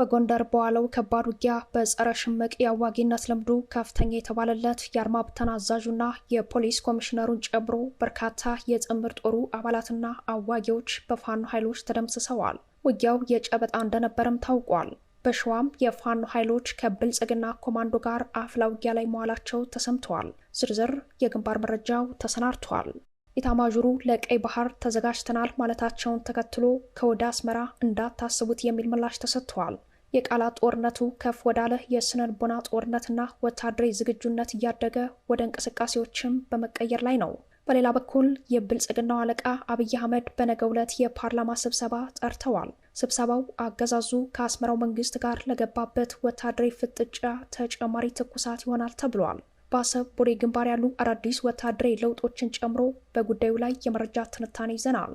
በጎንደር በዋለው ከባድ ውጊያ በጸረ ሽምቅ የአዋጊነት ልምዱ ከፍተኛ የተባለለት የአርማብ ብተና አዛዡና የፖሊስ ኮሚሽነሩን ጨምሮ በርካታ የጥምር ጦሩ አባላትና አዋጊዎች በፋኖ ኃይሎች ተደምስሰዋል። ውጊያው የጨበጣ እንደነበረም ታውቋል። በሸዋም የፋኖ ኃይሎች ከብልጽግና ኮማንዶ ጋር አፍላ ውጊያ ላይ መዋላቸው ተሰምተዋል። ዝርዝር የግንባር መረጃው ተሰናድቷል። ኢታማዦሩ ለቀይ ባህር ተዘጋጅተናል ማለታቸውን ተከትሎ ከወደ አስመራ እንዳታስቡት የሚል ምላሽ ተሰጥቷል። የቃላት ጦርነቱ ከፍ ወዳለ የስነ ልቦና ጦርነትና ወታደራዊ ዝግጁነት እያደገ ወደ እንቅስቃሴዎችም በመቀየር ላይ ነው። በሌላ በኩል የብልጽግናው አለቃ አብይ አህመድ በነገ ዕለት የፓርላማ ስብሰባ ጠርተዋል። ስብሰባው አገዛዙ ከአስመራው መንግስት ጋር ለገባበት ወታደራዊ ፍጥጫ ተጨማሪ ትኩሳት ይሆናል ተብሏል። በአሰብ ቦሌ ግንባር ያሉ አዳዲስ ወታደራዊ ለውጦችን ጨምሮ በጉዳዩ ላይ የመረጃ ትንታኔ ይዘናል።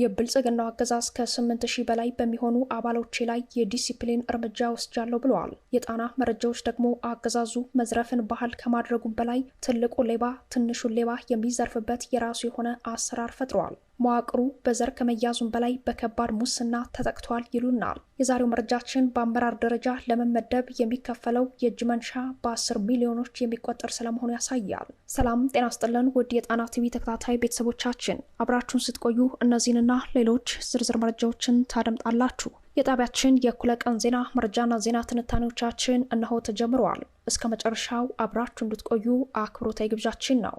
የብልጽግናው አገዛዝ 8 ሺህ በላይ በሚሆኑ አባሎቼ ላይ የዲሲፕሊን እርምጃ ወስጃለሁ ብለዋል። የጣና መረጃዎች ደግሞ አገዛዙ መዝረፍን ባህል ከማድረጉም በላይ ትልቁ ሌባ ትንሹን ሌባ የሚዘርፍበት የራሱ የሆነ አሰራር ፈጥረዋል። መዋቅሩ በዘር ከመያዙም በላይ በከባድ ሙስና ተጠቅቷል ይሉናል። የዛሬው መረጃችን በአመራር ደረጃ ለመመደብ የሚከፈለው የእጅ መንሻ በአስር ሚሊዮኖች የሚቆጠር ስለመሆኑ ያሳያል። ሰላም ጤና ስጥልን ውድ የጣና ቲቪ ተከታታይ ቤተሰቦቻችን አብራችሁን ስትቆዩ እነዚህንና ሌሎች ዝርዝር መረጃዎችን ታደምጣላችሁ። የጣቢያችን የእኩለ ቀን ዜና መረጃና ዜና ትንታኔዎቻችን እነሆ ተጀምረዋል። እስከ መጨረሻው አብራችሁ እንድትቆዩ አክብሮታዊ ግብዣችን ነው።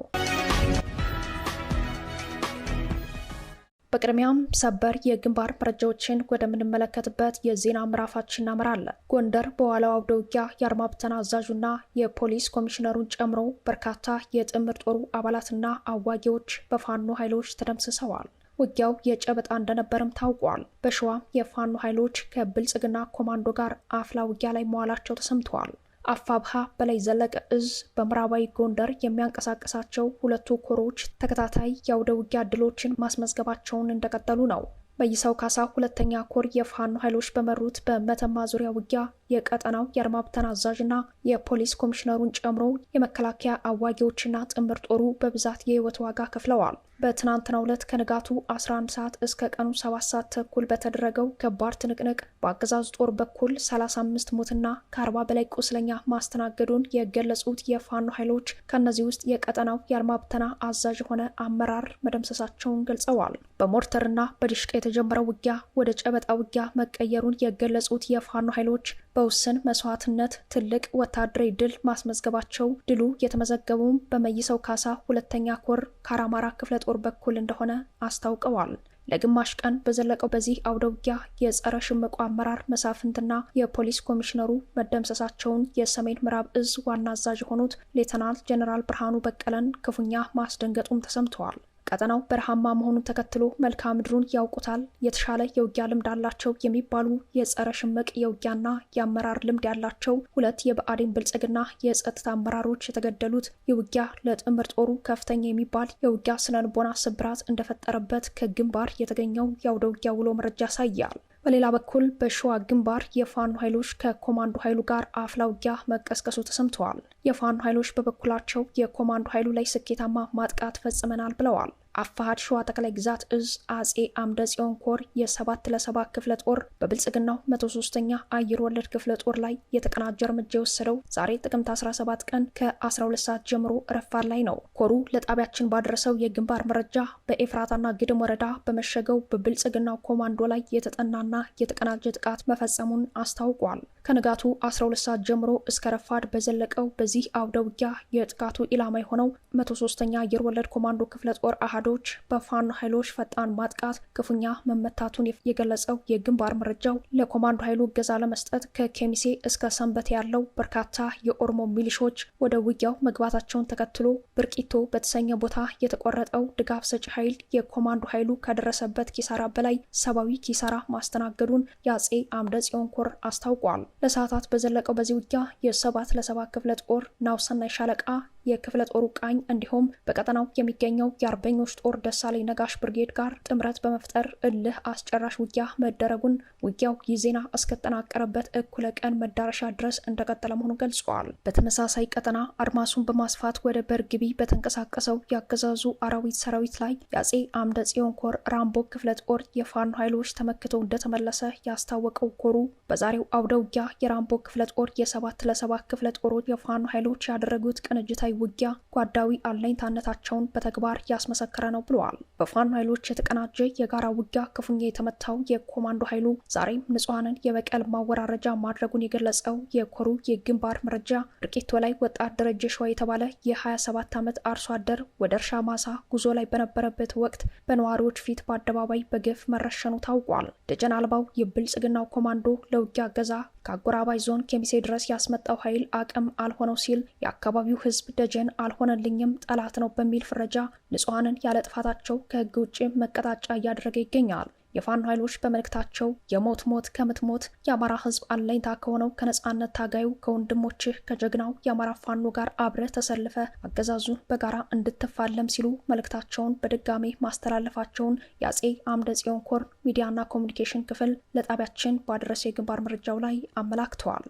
በቅድሚያም ሰበር የግንባር መረጃዎችን ወደምንመለከትበት የዜና ምዕራፋችን እናመራለን። ጎንደር በኋላው አውደ ውጊያ የአርማብተን ብተና አዛዡና የፖሊስ ኮሚሽነሩን ጨምሮ በርካታ የጥምር ጦሩ አባላትና አዋጊዎች በፋኖ ኃይሎች ተደምስሰዋል። ውጊያው የጨበጣ እንደነበርም ታውቋል። በሸዋ የፋኖ ኃይሎች ከብልጽግና ኮማንዶ ጋር አፍላ ውጊያ ላይ መዋላቸው ተሰምተዋል። አፋብሃ በላይ ዘለቀ እዝ በምዕራባዊ ጎንደር የሚያንቀሳቀሳቸው ሁለቱ ኮሮች ተከታታይ የአውደ ውጊያ ድሎችን ማስመዝገባቸውን እንደቀጠሉ ነው። በይሰው ካሳ ሁለተኛ ኮር የፋኖ ኃይሎች በመሩት በመተማ ዙሪያ ውጊያ የቀጠናው የአድማ ብተና አዛዥና የፖሊስ ኮሚሽነሩን ጨምሮ የመከላከያ አዋጊዎችና ጥምር ጦሩ በብዛት የህይወት ዋጋ ከፍለዋል። በትናንትናው ዕለት ከንጋቱ 11 ሰዓት እስከ ቀኑ 7 ሰዓት ተኩል በተደረገው ከባድ ትንቅንቅ በአገዛዝ ጦር በኩል 35 ሞትና ከ40 በላይ ቁስለኛ ማስተናገዱን የገለጹት የፋኖ ኃይሎች ከእነዚህ ውስጥ የቀጠናው የአርማብተና አዛዥ የሆነ አመራር መደምሰሳቸውን ገልጸዋል። በሞርተርና በዲሽቃ የተጀመረው ውጊያ ወደ ጨበጣ ውጊያ መቀየሩን የገለጹት የፋኖ ኃይሎች በውስን መስዋዕትነት ትልቅ ወታደራዊ ድል ማስመዝገባቸው ድሉ የተመዘገበውም በመይሰው ካሳ ሁለተኛ ኮር ከአራማራ ክፍለ ጦር በኩል እንደሆነ አስታውቀዋል። ለግማሽ ቀን በዘለቀው በዚህ አውደውጊያ የጸረ ሽምቁ አመራር መሳፍንትና የፖሊስ ኮሚሽነሩ መደምሰሳቸውን የሰሜን ምዕራብ እዝ ዋና አዛዥ የሆኑት ሌተናንት ጀኔራል ብርሃኑ በቀለን ክፉኛ ማስደንገጡም ተሰምተዋል። ቀጠናው በረሃማ መሆኑን ተከትሎ መልክዓ ምድሩን ያውቁታል። የተሻለ የውጊያ ልምድ አላቸው የሚባሉ የጸረ ሽምቅ የውጊያና የአመራር ልምድ ያላቸው ሁለት የብአዴን ብልጽግና የጸጥታ አመራሮች የተገደሉት የውጊያ ለጥምር ጦሩ ከፍተኛ የሚባል የውጊያ ስነልቦና ስብራት እንደፈጠረበት ከግንባር የተገኘው የአውደ ውጊያ ውሎ መረጃ ያሳያል። በሌላ በኩል በሸዋ ግንባር የፋኖ ኃይሎች ከኮማንዶ ኃይሉ ጋር አፍላ ውጊያ መቀስቀሱ ተሰምተዋል። የፋኖ ኃይሎች በበኩላቸው የኮማንዶ ኃይሉ ላይ ስኬታማ ማጥቃት ፈጽመናል ብለዋል። አፋሃድ ሸዋ ጠቅላይ ግዛት እዝ አጼ አምደ ጽዮን ኮር የሰባት ለሰባት ክፍለ ጦር በብልጽግናው መቶ ሶስተኛ አየር ወለድ ክፍለ ጦር ላይ የተቀናጀ እርምጃ የወሰደው ዛሬ ጥቅምት 17 ቀን ከ12 ሰዓት ጀምሮ ረፋድ ላይ ነው። ኮሩ ለጣቢያችን ባደረሰው የግንባር መረጃ በኤፍራታና ግድም ወረዳ በመሸገው በብልጽግናው ኮማንዶ ላይ የተጠናና የተቀናጀ ጥቃት መፈጸሙን አስታውቋል። ከንጋቱ 12 ሰዓት ጀምሮ እስከ ረፋድ በዘለቀው በዚህ አውደ ውጊያ የጥቃቱ ኢላማ የሆነው መቶ ሶስተኛ አየር ወለድ ኮማንዶ ክፍለ ጦር አሃ ብርጋዶች በፋኖ ኃይሎች ፈጣን ማጥቃት ክፉኛ መመታቱን የገለጸው የግንባር መረጃው ለኮማንዶ ኃይሉ እገዛ ለመስጠት ከኬሚሴ እስከ ሰንበት ያለው በርካታ የኦሮሞ ሚሊሾች ወደ ውጊያው መግባታቸውን ተከትሎ ብርቂቶ በተሰኘ ቦታ የተቆረጠው ድጋፍ ሰጪ ኃይል የኮማንዶ ኃይሉ ከደረሰበት ኪሳራ በላይ ሰብአዊ ኪሳራ ማስተናገዱን የአጼ አምደ ጽዮን ኮር አስታውቋል። ለሰዓታት በዘለቀው በዚህ ውጊያ የሰባት ለሰባት ክፍለ ጦር ናውሰናይ ሻለቃ የክፍለ ጦሩ ቃኝ እንዲሁም በቀጠናው የሚገኘው የአርበኞች ጦር ደሳሌ ነጋሽ ብርጌድ ጋር ጥምረት በመፍጠር እልህ አስጨራሽ ውጊያ መደረጉን ውጊያው የዜና እስከተጠናቀረበት እኩለ ቀን መዳረሻ ድረስ እንደቀጠለ መሆኑን ገልጸዋል። በተመሳሳይ ቀጠና አድማሱን በማስፋት ወደ በርግቢ በተንቀሳቀሰው ያገዛዙ አራዊት ሰራዊት ላይ የአጼ አምደ ጽዮን ኮር ራምቦ ክፍለ ጦር የፋኖ ኃይሎች ተመክቶ እንደተመለሰ ያስታወቀው ኮሩ በዛሬው አውደ ውጊያ የራምቦ ክፍለ ጦር የሰባት ለሰባት ክፍለ ጦሮች የፋኖ ኃይሎች ያደረጉት ቅንጅታ ላይ ውጊያ ጓዳዊ አለኝታነታቸውን በተግባር ያስመሰከረ ነው ብለዋል። በፋኖ ኃይሎች የተቀናጀ የጋራ ውጊያ ክፉኛ የተመታው የኮማንዶ ኃይሉ ዛሬም ንጹሐንን የበቀል ማወራረጃ ማድረጉን የገለጸው የኮሩ የግንባር መረጃ ድርቂት በላይ ወጣት ደረጀ ሸዋ የተባለ የ27 ዓመት አርሶ አደር ወደ እርሻ ማሳ ጉዞ ላይ በነበረበት ወቅት በነዋሪዎች ፊት በአደባባይ በግፍ መረሸኑ ታውቋል። ደጀን አልባው የብልጽግናው ኮማንዶ ለውጊያ ገዛ ከአጎራባይ ዞን ኬሚሴ ድረስ ያስመጣው ኃይል አቅም አልሆነው ሲል የአካባቢው ሕዝብ ደጀን አልሆነልኝም፣ ጠላት ነው በሚል ፍረጃ ንጹሐንን ያለ ጥፋታቸው ከህግ ውጭ መቀጣጫ እያደረገ ይገኛል። የፋኖ ኃይሎች በመልእክታቸው የሞት ሞት ከምትሞት የአማራ ህዝብ አለኝታ ከሆነው ከነጻነት ታጋዩ ከወንድሞችህ ከጀግናው የአማራ ፋኖ ጋር አብረህ ተሰልፈ አገዛዙን በጋራ እንድትፋለም ሲሉ መልእክታቸውን በድጋሜ ማስተላለፋቸውን የአጼ አምደ ጽዮን ኮር ሚዲያና ኮሚኒኬሽን ክፍል ለጣቢያችን ባደረሰ የግንባር መረጃው ላይ አመላክተዋል።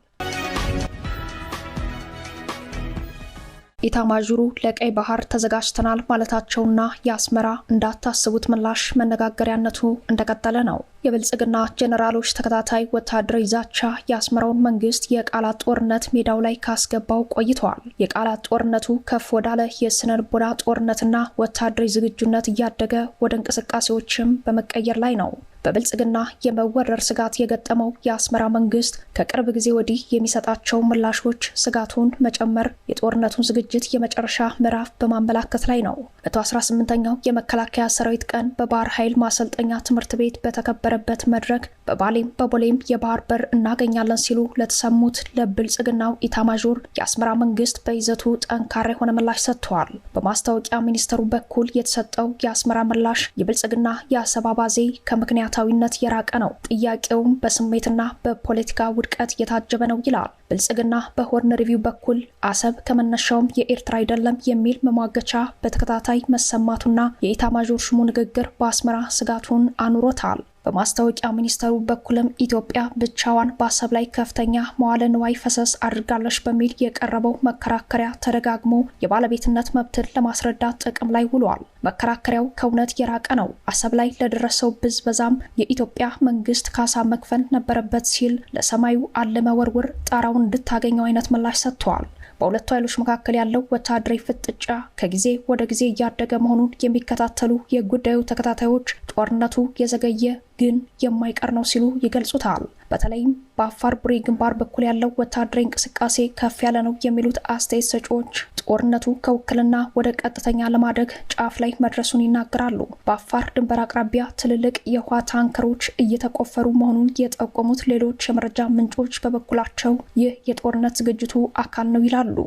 ኢታማዦሩ ለቀይ ባህር ተዘጋጅተናል ማለታቸውና የአስመራ እንዳታስቡት ምላሽ መነጋገሪያነቱ እንደቀጠለ ነው። የብልጽግና ጀኔራሎች ተከታታይ ወታደራዊ ዛቻ የአስመራውን መንግስት የቃላት ጦርነት ሜዳው ላይ ካስገባው ቆይተዋል። የቃላት ጦርነቱ ከፍ ወዳለ የስነ ልቦና ጦርነትና ወታደራዊ ዝግጁነት እያደገ ወደ እንቅስቃሴዎችም በመቀየር ላይ ነው። በብልጽግና የመወረር ስጋት የገጠመው የአስመራ መንግስት ከቅርብ ጊዜ ወዲህ የሚሰጣቸው ምላሾች ስጋቱን መጨመር፣ የጦርነቱን ዝግጅት የመጨረሻ ምዕራፍ በማመላከት ላይ ነው። 118ኛው የመከላከያ ሰራዊት ቀን በባህር ኃይል ማሰልጠኛ ትምህርት ቤት በተከበረበት መድረክ በባሌም በቦሌም የባህር በር እናገኛለን ሲሉ ለተሰሙት ለብልጽግናው ኢታማዦር የአስመራ መንግስት በይዘቱ ጠንካራ የሆነ ምላሽ ሰጥተዋል። በማስታወቂያ ሚኒስተሩ በኩል የተሰጠው የአስመራ ምላሽ የብልጽግና የአሰባባዜ ከምክንያት ከምክንያታዊነት የራቀ ነው፣ ጥያቄውም በስሜትና በፖለቲካ ውድቀት የታጀበ ነው ይላል። ብልጽግና በሆርን ሪቪው በኩል አሰብ ከመነሻውም የኤርትራ አይደለም የሚል መሟገቻ በተከታታይ መሰማቱና የኢታማዦር ሹሙ ንግግር በአስመራ ስጋቱን አኑሮታል። በማስታወቂያ ሚኒስቴሩ በኩልም ኢትዮጵያ ብቻዋን በአሰብ ላይ ከፍተኛ መዋለ ንዋይ ፈሰስ አድርጋለች በሚል የቀረበው መከራከሪያ ተደጋግሞ የባለቤትነት መብትን ለማስረዳት ጥቅም ላይ ውሏል። መከራከሪያው ከእውነት የራቀ ነው። አሰብ ላይ ለደረሰው ብዝበዛም የኢትዮጵያ መንግስት ካሳ መክፈል ነበረበት ሲል ለሰማዩ አለመወርውር ጣራውን እንድታገኘው አይነት ምላሽ ሰጥተዋል። በሁለቱ ኃይሎች መካከል ያለው ወታደራዊ ፍጥጫ ከጊዜ ወደ ጊዜ እያደገ መሆኑን የሚከታተሉ የጉዳዩ ተከታታዮች ጦርነቱ የዘገየ ግን የማይቀር ነው ሲሉ ይገልጹታል። በተለይም በአፋር ቡሬ ግንባር በኩል ያለው ወታደራዊ እንቅስቃሴ ከፍ ያለ ነው የሚሉት አስተያየት ሰጪዎች ጦርነቱ ከውክልና ወደ ቀጥተኛ ለማደግ ጫፍ ላይ መድረሱን ይናገራሉ። በአፋር ድንበር አቅራቢያ ትልልቅ የውሃ ታንከሮች እየተቆፈሩ መሆኑን የጠቆሙት ሌሎች የመረጃ ምንጮች በበኩላቸው ይህ የጦርነት ዝግጅቱ አካል ነው ይላሉ።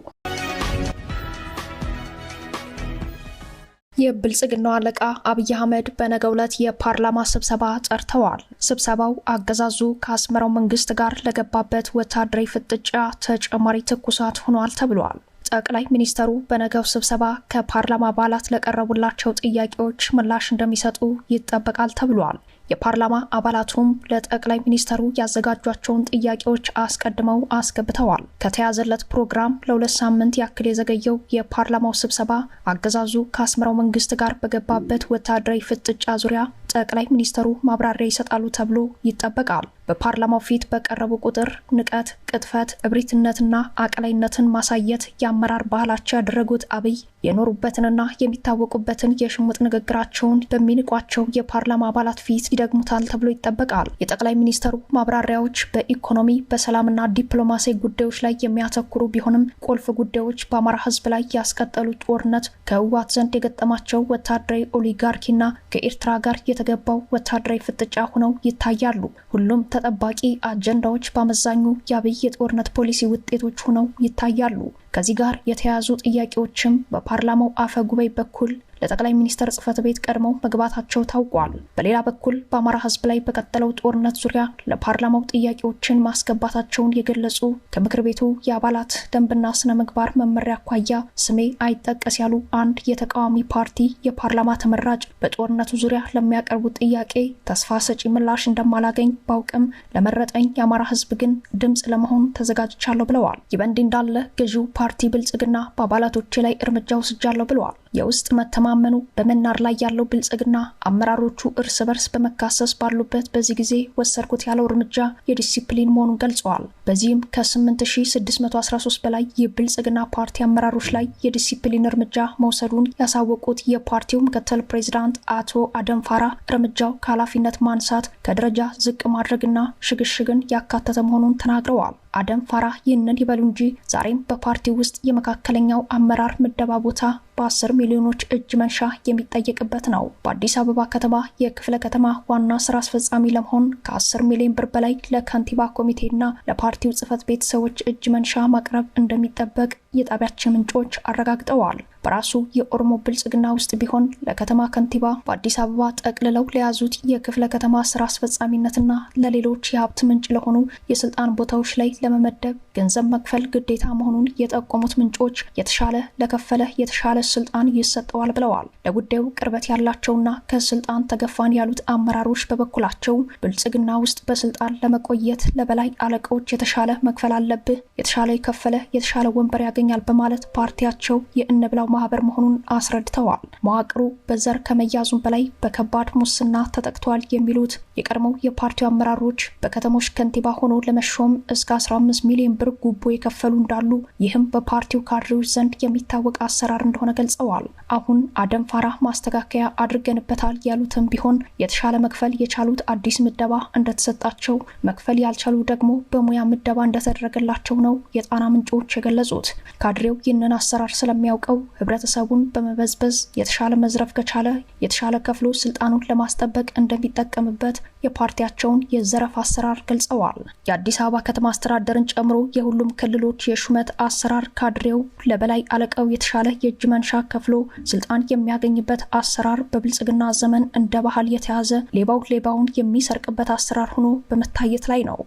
የብልጽግናው አለቃ አብይ አህመድ በነገው ዕለት የፓርላማ ስብሰባ ጠርተዋል። ስብሰባው አገዛዙ ከአስመራው መንግስት ጋር ለገባበት ወታደራዊ ፍጥጫ ተጨማሪ ትኩሳት ሆኗል ተብሏል። ጠቅላይ ሚኒስተሩ በነገው ስብሰባ ከፓርላማ አባላት ለቀረቡላቸው ጥያቄዎች ምላሽ እንደሚሰጡ ይጠበቃል ተብሏል። የፓርላማ አባላቱም ለጠቅላይ ሚኒስተሩ ያዘጋጇቸውን ጥያቄዎች አስቀድመው አስገብተዋል። ከተያዘለት ፕሮግራም ለሁለት ሳምንት ያክል የዘገየው የፓርላማው ስብሰባ አገዛዙ ከአስመራው መንግስት ጋር በገባበት ወታደራዊ ፍጥጫ ዙሪያ ጠቅላይ ሚኒስተሩ ማብራሪያ ይሰጣሉ ተብሎ ይጠበቃል። በፓርላማው ፊት በቀረቡ ቁጥር ንቀት፣ ቅጥፈት፣ እብሪትነትና አቅላይነትን ማሳየት የአመራር ባህላቸው ያደረጉት አብይ የኖሩበትንና የሚታወቁበትን የሽሙጥ ንግግራቸውን በሚንቋቸው የፓርላማ አባላት ፊት ይደግሙታል ተብሎ ይጠበቃል። የጠቅላይ ሚኒስተሩ ማብራሪያዎች በኢኮኖሚ በሰላምና ዲፕሎማሲ ጉዳዮች ላይ የሚያተኩሩ ቢሆንም ቁልፍ ጉዳዮች በአማራ ሕዝብ ላይ ያስቀጠሉት ጦርነት ከህወሓት ዘንድ የገጠማቸው ወታደራዊ ኦሊጋርኪና ከኤርትራ ጋር የተ የተገባው ወታደራዊ ፍጥጫ ሆነው ይታያሉ። ሁሉም ተጠባቂ አጀንዳዎች በአመዛኙ የአብይ የጦርነት ፖሊሲ ውጤቶች ሆነው ይታያሉ። ከዚህ ጋር የተያያዙ ጥያቄዎችም በፓርላማው አፈ ጉባኤ በኩል ለጠቅላይ ሚኒስትር ጽህፈት ቤት ቀድመው መግባታቸው ታውቋል። በሌላ በኩል በአማራ ህዝብ ላይ በቀጠለው ጦርነት ዙሪያ ለፓርላማው ጥያቄዎችን ማስገባታቸውን የገለጹ ከምክር ቤቱ የአባላት ደንብና ስነ ምግባር መመሪያ አኳያ ስሜ አይጠቀስ ያሉ አንድ የተቃዋሚ ፓርቲ የፓርላማ ተመራጭ በጦርነቱ ዙሪያ ለሚያቀርቡት ጥያቄ ተስፋ ሰጪ ምላሽ እንደማላገኝ ባውቅም ለመረጠኝ የአማራ ህዝብ ግን ድምፅ ለመሆን ተዘጋጅቻለሁ ብለዋል። ይህ በእንዲህ እንዳለ ገዢው ፓርቲ ብልጽግና በአባላቶቼ ላይ እርምጃ ወስጃለሁ ብለዋል። የውስጥ መተማመኑ በመናር ላይ ያለው ብልጽግና አመራሮቹ እርስ በርስ በመካሰስ ባሉበት በዚህ ጊዜ ወሰድኩት ያለው እርምጃ የዲሲፕሊን መሆኑን ገልጸዋል። በዚህም ከ8613 በላይ የብልጽግና ፓርቲ አመራሮች ላይ የዲሲፕሊን እርምጃ መውሰዱን ያሳወቁት የፓርቲው ምክትል ፕሬዚዳንት አቶ አደም ፋራ እርምጃው ከኃላፊነት ማንሳት ከደረጃ ዝቅ ማድረግና ሽግሽግን ያካተተ መሆኑን ተናግረዋል። አደም ፋራ ይህንን ይበሉ እንጂ ዛሬም በፓርቲው ውስጥ የመካከለኛው አመራር ምደባ ቦታ በ10 ሚሊዮኖች እጅ መንሻ የሚጠየቅበት ነው። በአዲስ አበባ ከተማ የክፍለ ከተማ ዋና ስራ አስፈጻሚ ለመሆን ከ10 ሚሊዮን ብር በላይ ለከንቲባ ኮሚቴና ለፓርቲው ጽህፈት ቤት ሰዎች እጅ መንሻ ማቅረብ እንደሚጠበቅ የጣቢያችን ምንጮች አረጋግጠዋል። በራሱ የኦሮሞ ብልጽግና ውስጥ ቢሆን ለከተማ ከንቲባ በአዲስ አበባ ጠቅልለው ለያዙት የክፍለ ከተማ ስራ አስፈጻሚነትና ለሌሎች የሀብት ምንጭ ለሆኑ የስልጣን ቦታዎች ላይ ለመመደብ ገንዘብ መክፈል ግዴታ መሆኑን የጠቆሙት ምንጮች የተሻለ ለከፈለ የተሻለ ስልጣን ይሰጠዋል ብለዋል። ለጉዳዩ ቅርበት ያላቸውና ከስልጣን ተገፋን ያሉት አመራሮች በበኩላቸው ብልጽግና ውስጥ በስልጣን ለመቆየት ለበላይ አለቃዎች የተሻለ መክፈል አለብህ፣ የተሻለ የከፈለ የተሻለ ወንበር ያገኝ ይገኛል በማለት ፓርቲያቸው የእንብላው ማህበር መሆኑን አስረድተዋል። መዋቅሩ በዘር ከመያዙም በላይ በከባድ ሙስና ተጠቅቷል የሚሉት የቀድሞው የፓርቲው አመራሮች በከተሞች ከንቲባ ሆኖ ለመሾም እስከ 15 ሚሊዮን ብር ጉቦ የከፈሉ እንዳሉ፣ ይህም በፓርቲው ካድሬዎች ዘንድ የሚታወቅ አሰራር እንደሆነ ገልጸዋል። አሁን አደም ፋራ ማስተካከያ አድርገንበታል ያሉትም ቢሆን የተሻለ መክፈል የቻሉት አዲስ ምደባ እንደተሰጣቸው፣ መክፈል ያልቻሉ ደግሞ በሙያ ምደባ እንደተደረገላቸው ነው የጣና ምንጮች የገለጹት። ካድሬው ይህንን አሰራር ስለሚያውቀው ህብረተሰቡን በመበዝበዝ የተሻለ መዝረፍ ከቻለ የተሻለ ከፍሎ ስልጣኑን ለማስጠበቅ እንደሚጠቀምበት የፓርቲያቸውን የዘረፍ አሰራር ገልጸዋል። የአዲስ አበባ ከተማ አስተዳደርን ጨምሮ የሁሉም ክልሎች የሹመት አሰራር ካድሬው ለበላይ አለቃው የተሻለ የእጅ መንሻ ከፍሎ ስልጣን የሚያገኝበት አሰራር በብልጽግና ዘመን እንደ ባህል የተያዘ ሌባው ሌባውን የሚሰርቅበት አሰራር ሆኖ በመታየት ላይ ነው።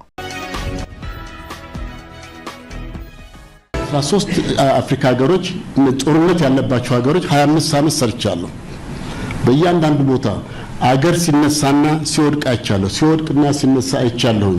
13 አፍሪካ ሀገሮች ጦርነት ያለባቸው ሀገሮች 25 ዓመት ሰርቻለሁ። በእያንዳንዱ ቦታ አገር ሲነሳና ሲወድቅ አይቻለሁ። ሲወድቅና ሲነሳ አይቻለሁ።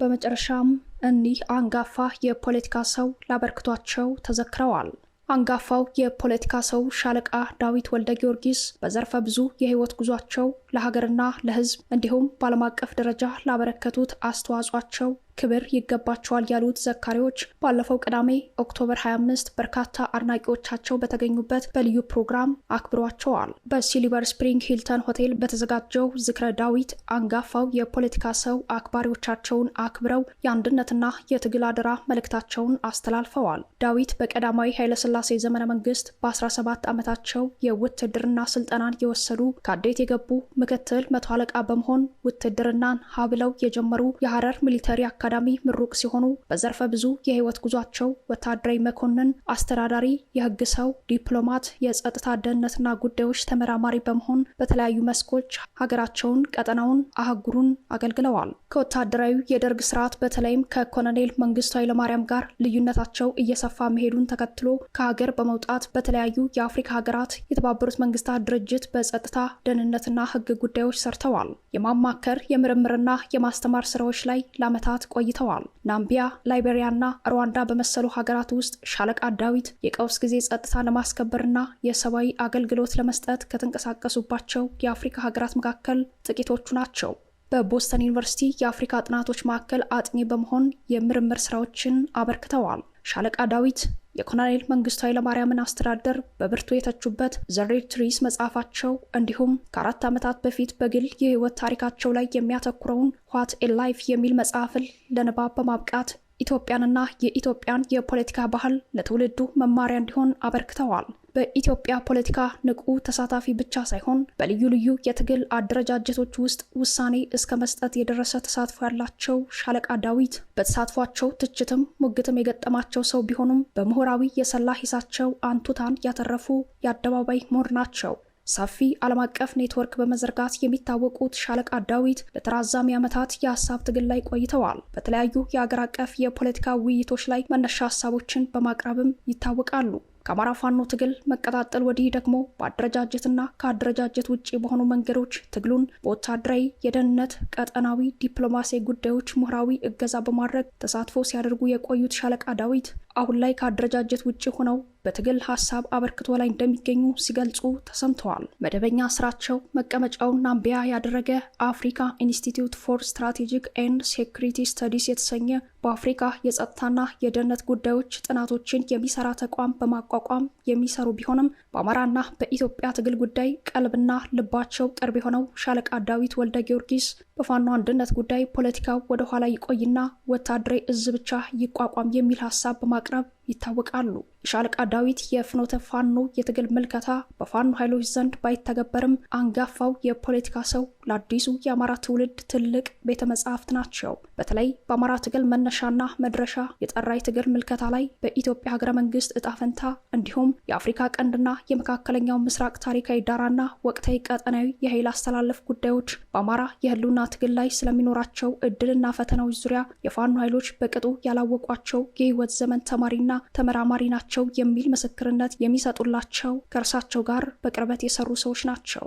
በመጨረሻም እኒህ አንጋፋ የፖለቲካ ሰው ላበርክቷቸው ተዘክረዋል። አንጋፋው የፖለቲካ ሰው ሻለቃ ዳዊት ወልደ ጊዮርጊስ በዘርፈ ብዙ የህይወት ጉዟቸው ለሀገርና ለህዝብ እንዲሁም በዓለም አቀፍ ደረጃ ላበረከቱት አስተዋጽኦቸው ክብር ይገባቸዋል ያሉት ዘካሪዎች ባለፈው ቅዳሜ ኦክቶበር 25 በርካታ አድናቂዎቻቸው በተገኙበት በልዩ ፕሮግራም አክብሯቸዋል። በሲሊቨር ስፕሪንግ ሂልተን ሆቴል በተዘጋጀው ዝክረ ዳዊት አንጋፋው የፖለቲካ ሰው አክባሪዎቻቸውን አክብረው የአንድነትና የትግል አደራ መልእክታቸውን አስተላልፈዋል። ዳዊት በቀዳማዊ ኃይለሥላሴ ዘመነ መንግስት በ17 ዓመታቸው የውትድርና ስልጠናን የወሰዱ ከአዴት የገቡ ምክትል መቶ አለቃ በመሆን ውትድርናን ሀብለው የጀመሩ የሐረር ሚሊተሪ አካዳሚ ምሩቅ ሲሆኑ በዘርፈ ብዙ የህይወት ጉዟቸው ወታደራዊ መኮንን፣ አስተዳዳሪ፣ የህግ ሰው፣ ዲፕሎማት፣ የጸጥታ ደህንነትና ጉዳዮች ተመራማሪ በመሆን በተለያዩ መስኮች ሀገራቸውን፣ ቀጠናውን፣ አህጉሩን አገልግለዋል። ከወታደራዊ የደርግ ስርዓት በተለይም ከኮሎኔል መንግስቱ ኃይለማርያም ጋር ልዩነታቸው እየሰፋ መሄዱን ተከትሎ ከሀገር በመውጣት በተለያዩ የአፍሪካ ሀገራት የተባበሩት መንግስታት ድርጅት በጸጥታ ደህንነትና ህግ ጉዳዮች ሰርተዋል። የማማከር የምርምርና የማስተማር ስራዎች ላይ ለዓመታት ቆይተዋል። ናምቢያ፣ ላይቤሪያና ሩዋንዳ በመሰሉ ሀገራት ውስጥ ሻለቃ ዳዊት የቀውስ ጊዜ ጸጥታ ለማስከበርና የሰብአዊ አገልግሎት ለመስጠት ከተንቀሳቀሱባቸው የአፍሪካ ሀገራት መካከል ጥቂቶቹ ናቸው። በቦስተን ዩኒቨርሲቲ የአፍሪካ ጥናቶች ማዕከል አጥኚ በመሆን የምርምር ስራዎችን አበርክተዋል። ሻለቃ ዳዊት የኮሎኔል መንግስቱ ኃይለማርያምን አስተዳደር በብርቱ የተቹበት ዘሬድ ትሪስ መጽሐፋቸው እንዲሁም ከአራት ዓመታት በፊት በግል የህይወት ታሪካቸው ላይ የሚያተኩረውን ዋት ኤ ላይፍ የሚል መጽሐፍን ለንባብ በማብቃት ኢትዮጵያንና የኢትዮጵያን የፖለቲካ ባህል ለትውልዱ መማሪያ እንዲሆን አበርክተዋል። በኢትዮጵያ ፖለቲካ ንቁ ተሳታፊ ብቻ ሳይሆን በልዩ ልዩ የትግል አደረጃጀቶች ውስጥ ውሳኔ እስከ መስጠት የደረሰ ተሳትፎ ያላቸው ሻለቃ ዳዊት በተሳትፏቸው ትችትም ሙግትም የገጠማቸው ሰው ቢሆኑም በምሁራዊ የሰላ ሂሳቸው አንቱታን ያተረፉ የአደባባይ ምሁር ናቸው። ሰፊ ዓለም አቀፍ ኔትወርክ በመዘርጋት የሚታወቁት ሻለቃ ዳዊት ለተራዛሚ ዓመታት የሀሳብ ትግል ላይ ቆይተዋል። በተለያዩ የአገር አቀፍ የፖለቲካ ውይይቶች ላይ መነሻ ሀሳቦችን በማቅረብም ይታወቃሉ። ከአማራ ፋኖ ትግል መቀጣጠል ወዲህ ደግሞ በአደረጃጀትና ከአደረጃጀት ውጭ በሆኑ መንገዶች ትግሉን በወታደራዊ፣ የደህንነት፣ ቀጠናዊ፣ ዲፕሎማሲያዊ ጉዳዮች ምሁራዊ እገዛ በማድረግ ተሳትፎ ሲያደርጉ የቆዩት ሻለቃ ዳዊት አሁን ላይ ከአደረጃጀት ውጭ ሆነው በትግል ሀሳብ አበርክቶ ላይ እንደሚገኙ ሲገልጹ ተሰምተዋል። መደበኛ ስራቸው መቀመጫውን ናምቢያ ያደረገ አፍሪካ ኢንስቲትዩት ፎር ስትራቴጂክ ኤንድ ሴኩሪቲ ስተዲስ የተሰኘ በአፍሪካ የጸጥታና የደህንነት ጉዳዮች ጥናቶችን የሚሰራ ተቋም በማቋቋም የሚሰሩ ቢሆንም በአማራና በኢትዮጵያ ትግል ጉዳይ ቀልብና ልባቸው ቅርብ የሆነው ሻለቃ ዳዊት ወልደ ጊዮርጊስ በፋኖ አንድነት ጉዳይ ፖለቲካው ወደኋላ ይቆይና ወታደራዊ እዝ ብቻ ይቋቋም የሚል ሀሳብ በማቅረብ ይታወቃሉ። የሻለቃ ዳዊት የፍኖተ ፋኖ የትግል ምልከታ በፋኖ ኃይሎች ዘንድ ባይተገበርም አንጋፋው የፖለቲካ ሰው ለአዲሱ የአማራ ትውልድ ትልቅ ቤተ መጻሕፍት ናቸው። በተለይ በአማራ ትግል መነሻና መድረሻ የጠራ የትግል ምልከታ ላይ በኢትዮጵያ ሀገረ መንግስት እጣፈንታ እንዲሁም የአፍሪካ ቀንድና የመካከለኛው ምስራቅ ታሪካዊ ዳራና ወቅታዊ ቀጠናዊ የኃይል አስተላለፍ ጉዳዮች በአማራ የህልውና ትግል ላይ ስለሚኖራቸው እድልና ፈተናዎች ዙሪያ የፋኖ ኃይሎች በቅጡ ያላወቋቸው የህይወት ዘመን ተማሪና ጸሐፊና ተመራማሪ ናቸው የሚል ምስክርነት የሚሰጡላቸው ከእርሳቸው ጋር በቅርበት የሰሩ ሰዎች ናቸው።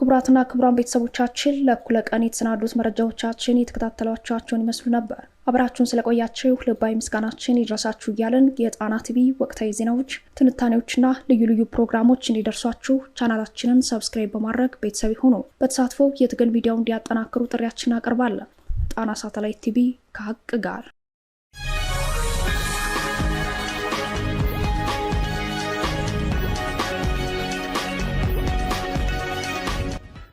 ክቡራትና ክቡራን ቤተሰቦቻችን ለእኩለ ቀን የተሰናዱት መረጃዎቻችን የተከታተሏቸኋቸውን ይመስሉ ነበር። አብራችሁን ስለቆያችሁ ልባዊ ምስጋናችን ይድረሳችሁ እያለን የጣና ቲቪ ወቅታዊ ዜናዎች፣ ትንታኔዎችና ልዩ ልዩ ፕሮግራሞች እንዲደርሷችሁ ቻናላችንን ሰብስክራይብ በማድረግ ቤተሰብ ሆኖ በተሳትፎ የትግል ሚዲያው እንዲያጠናክሩ ጥሪያችን አቀርባለን። ጣና ሳተላይት ቲቪ ከሀቅ ጋር